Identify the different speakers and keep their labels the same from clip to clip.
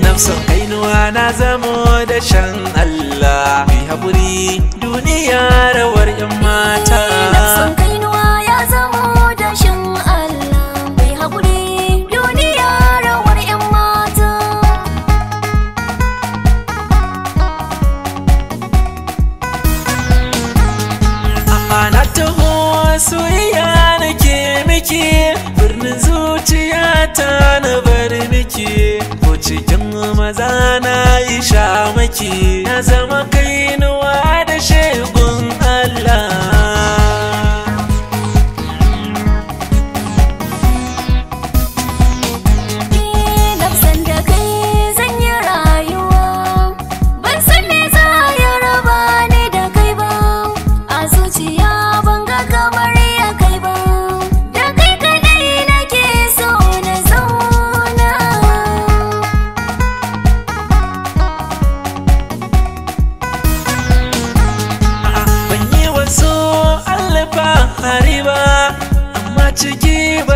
Speaker 1: nafsin kainuwa na zamo da shan Allah ko cikin maza na yi shamaki na zama da shegu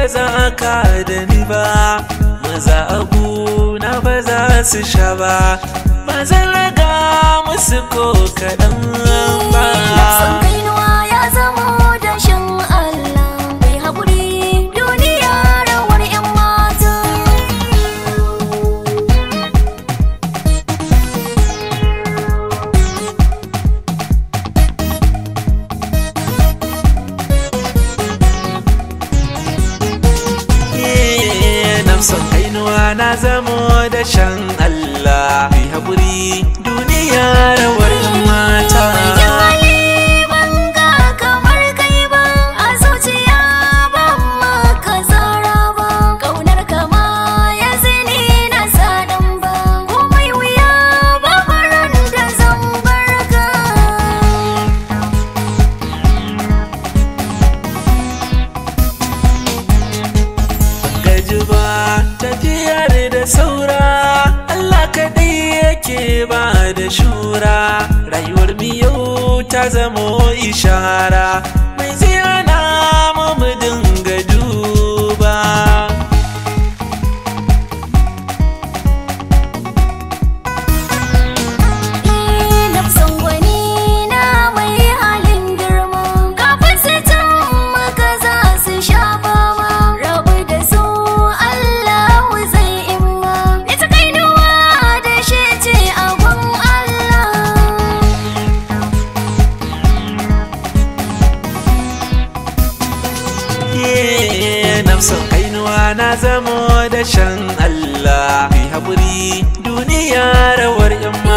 Speaker 1: za ka da ni ba maza abu na ba za su sha ba maza raga musu ko kaɗan ba son ainuwa na zamo da shan Allah. Bi haƙuri duniya rawar mata. Shut up. son kainuwa na zamo da shan Allah. Kai haƙuri duniya rawar yamma